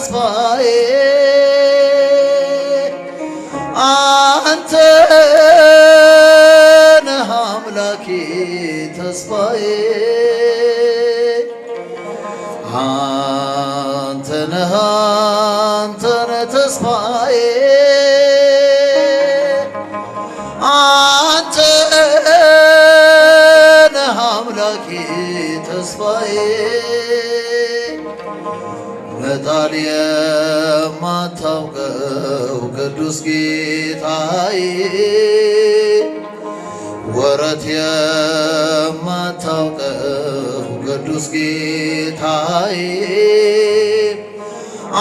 ተስፋዬ አንተ ነህ አምላኬ ተስፋዬ አንተ ነህ አንተ ነህ ተስፋዬ አንተ ነህ አምላኬ ተስፋዬ መጣል የማታውቀው ቅዱስ ጌታዬ ወረት የማታውቀው ቅዱስ ጌታዬ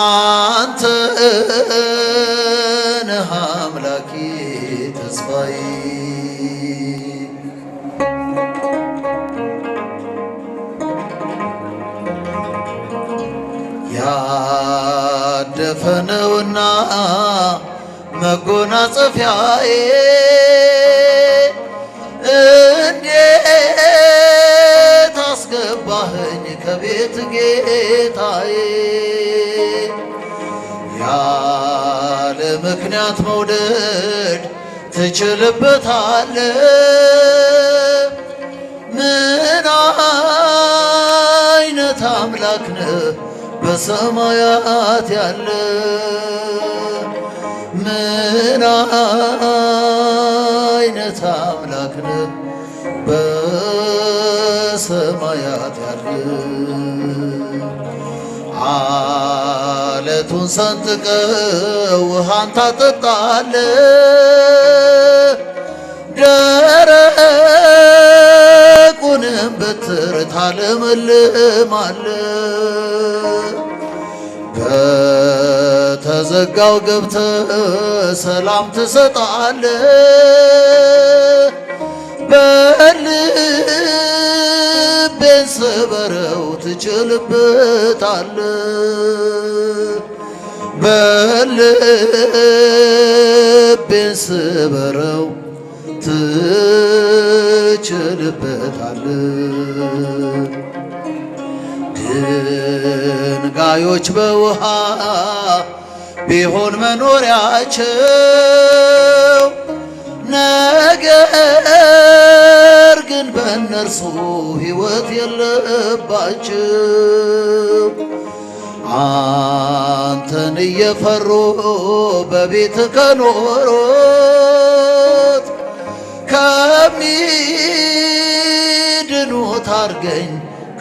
አንተ ነህ አምላኬ ተስፋዬ ሰነፍነውና መጎናጸፊያዬ እንዴት አስገባኸኝ ከቤት ጌታዬ ያለ ምክንያት መውደድ ትችልበታለ ምን አይነት አምላክ ነህ በሰማያት ያለ ምን አይነት አምላክ ነው? በሰማያት ያለ አለቱን ሰንጥቀ ውሃን ታጠጣለ ደረቁንም ብትር ታለመልማለ በተዘጋው ገብተ ሰላም ትሰጣለህ። በልቤን ስበረው ትችልበታለህ። በልቤን ስበረው ትችልበታለህ። ድንጋዮች በውሃ ቢሆን መኖሪያቸው ነገር ግን በእነርሱ ሕይወት የለባቸው አንተን እየፈሩ በቤት ከኖሮት ከሚድኑት አድርገኝ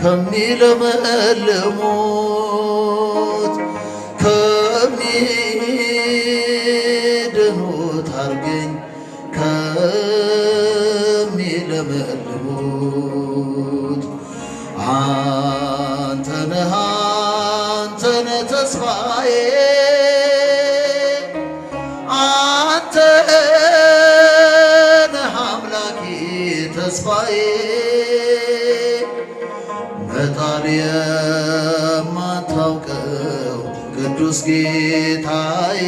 ከሚለመልሙት ከሚድኑት አርገኝ ከሚለመልሙት ጌታዬ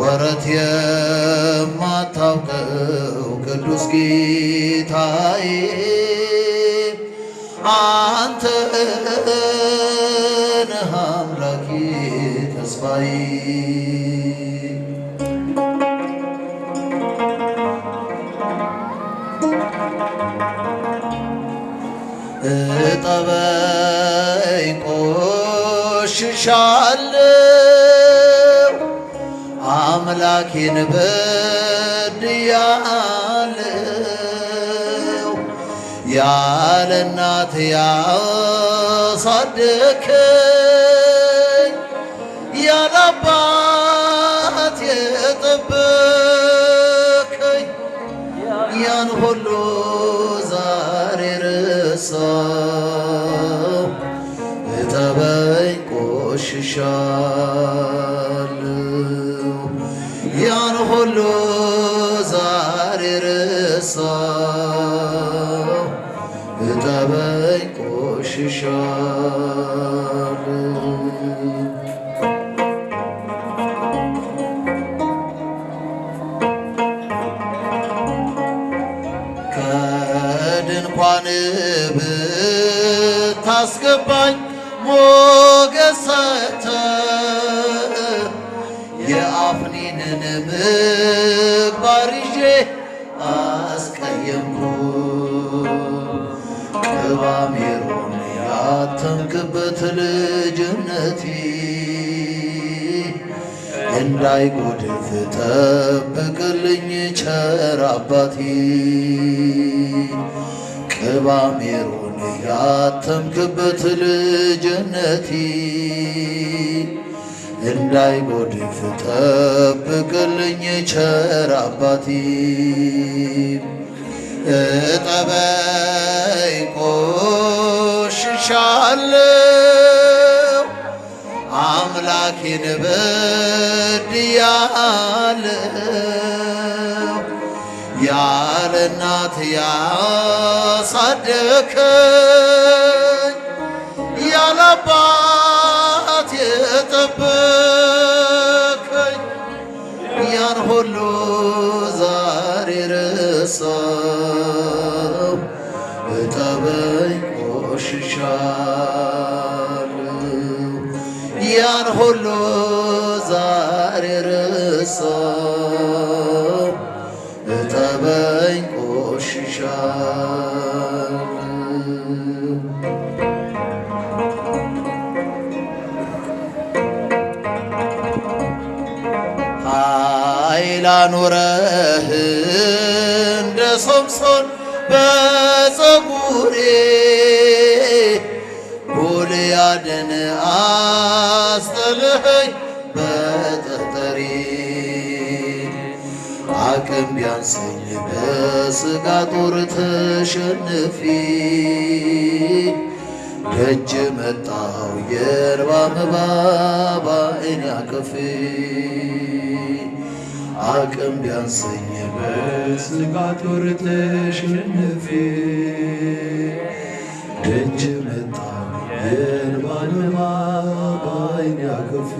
ወረት የማታውቀው ቅዱስ ጌታዬ አንተ ነህ አምላኬ ተስፋዬ እጠበኝ ቆሽሻለሁ፣ አምላኬን በድያለሁ። ያለ እናት ያሳደከ ሸሻለሁ ያን ሁሉ ዛሬ ረሳሁ፣ እጠበኝ ቆሽሻለሁ። ከድንኳን ብታስገባኝ ሞገስ ሰጥተህ የአፍኒንን ምግባር ይዤ አስቀየምኩ ቅባሜሮን ያተምክበት ልጅነቴ እንዳይጎድፍ ጠብቅልኝ ቸር አባቴ ከባሜሮን ያተምክበት ልጅነቴ እንዳይጎድፍ ጠብቅልኝ ቸር አባቴ። እጠበይ ቆሽሻለሁ፣ አምላኬን በድያለሁ ያለ እናት ያሳደከኝ ያለ አባት የጠበከኝ ያን ሁሉ ዛሬ ረሳው። እጠበኝ ቆሽሻለሁ። ያን ሁሉ ዛሬ ረሳው ben koşacağım ኃይላ ኖረህ እንደ ሶምሶን በፀጉሬ ጎልያድን አስጥልኸኝ አቅም ቢያንሰኝ በሥጋ ጦር ተሸንፌ ደጅ መጣው የእንባ መባ ባይን አቅፌ አቅም ቢያንሰኝ በሥጋ ጦር ተሸንፌ ደጅ መጣው የእንባ መባ ባይን አቅፌ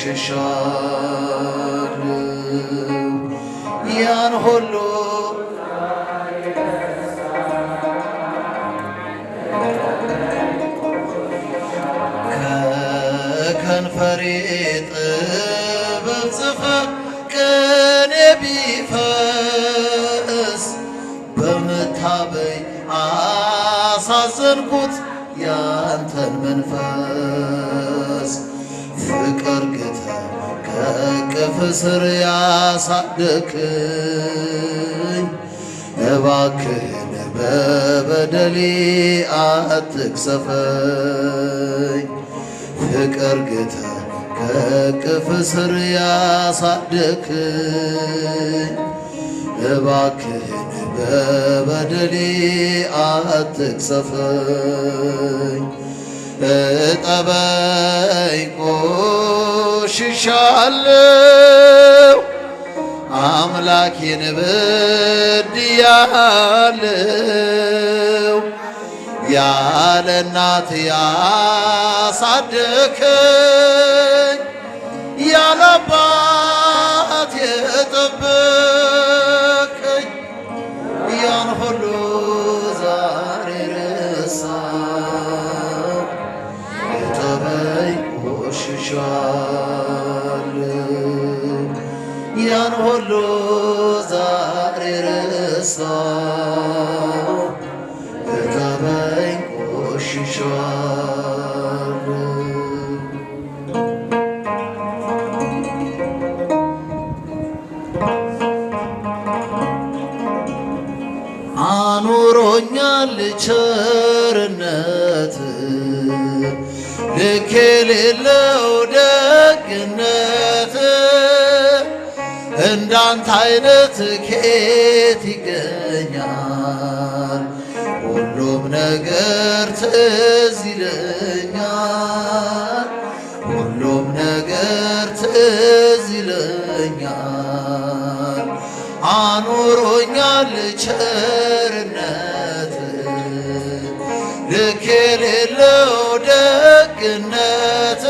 ሸሻሉ ያን ሁሉ ከከንፈሬ ጥበብ ጽፈ ቅኔ ቢፈስ በምታበይ አሳዘንኩት ያንተን መንፈስ በክንፍ ስር ያሳደክኝ እባክህን በበደሌ አትቅሰፈኝ። ፍቅር ግተ ከቅፍ ስር ያሳደክኝ እባክህን በበደሌ አትቅሰፈኝ እጠበኝ ቆሽሻለሁ፣ አምላኬን በድያለሁ። ያለ እናት ያሳደከኝ ያለ አባት ይቆሽሻሉ። አኑሮኛል ቸርነት ልክ የሌለው ደግነት እንዳንተ አይነት ኬት ይገኛል ሁሉም ነገር ትዝ ይለኛል፣ ሁሉም ነገር ትዝ ይለኛል። አኑሮኛል ቸርነት ልክ የሌለው ደግነት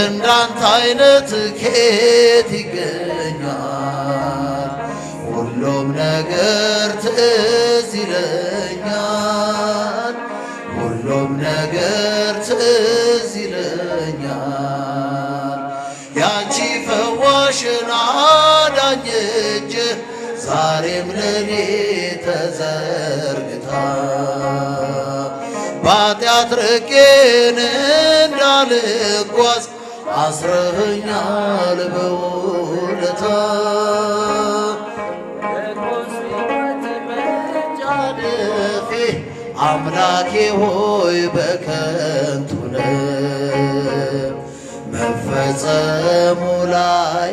እንዳንተ አይነት ኬት ይገኛል ሁሉም ነገር ዛሬም ለኔ ተዘርግታ ባጢአት ርቄን እንዳልጓዝ አስረኛል በውለታ አምላኬ ሆይ በከንቱ መፈጸሙ ላይ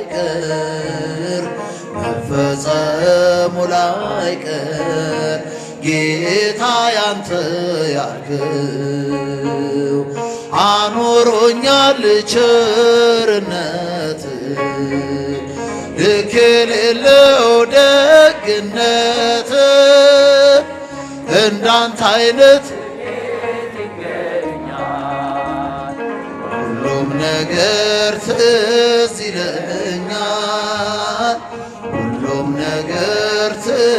መፈጸሙ ላይቀር ጌታ ያንተ ያርገው አኖሮኛል ቸርነት ልክ የሌለው ደግነት እንዳንተ አይነት ሁሉም ነገር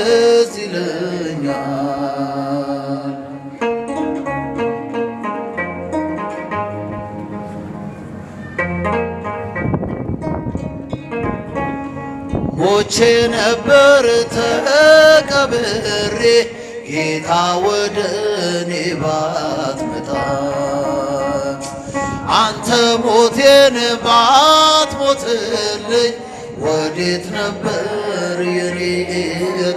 ደስ ይለኛል። ሞቼ ነበር ተቀብሬ ጌታ ወደ እኔ ባትመጣ አንተ ሞቴን ባትሞትልኝ ወዴት ነበር ነበር የኔ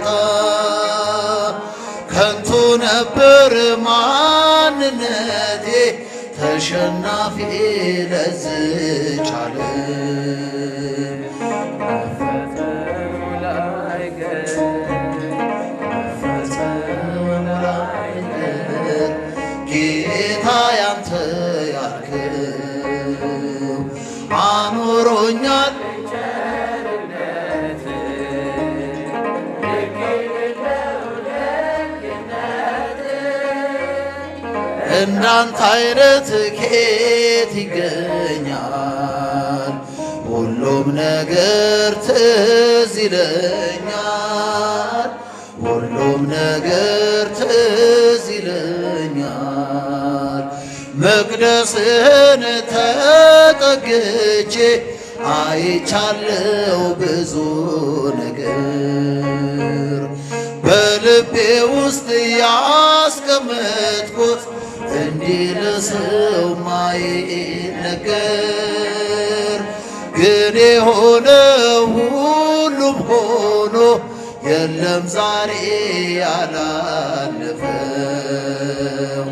ከንቱ ነበር ማንነቴ ተሸናፊ ለዝች ዓለም ጌታ ያንተ ያልከው አኖሮኛ እንዳንተ አይነት ኬት ይገኛል? ሁሉም ነገር ትዝ ይለኛል፣ ሁሉም ነገር ትዝ ይለኛል። መቅደስህን ተጠግቼ አይቻለው ብዙ ነገር በልቤ ውስጥ ያስቀመጥኩ ቢነሰው ማይነገር ግን የሆነ ሁሉም ሆኖ የለም ዛሬ ያላለፈው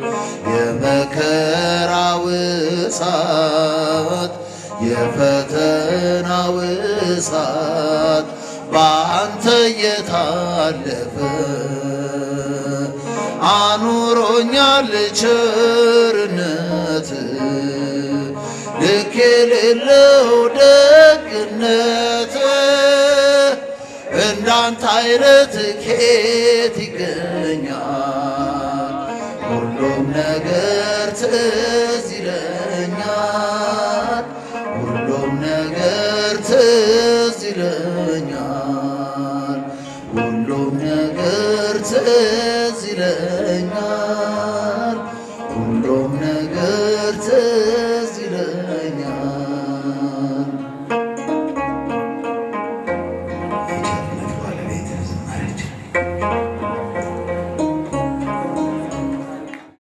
የመከራው እሳት የፈተናው እሳት በአንተ የታለፈ አኑሮኛል ቸርነት ልክ የሌለው ደግነት እንዳንተ አይነት ኬት ይገኛል ሁሉም ነገር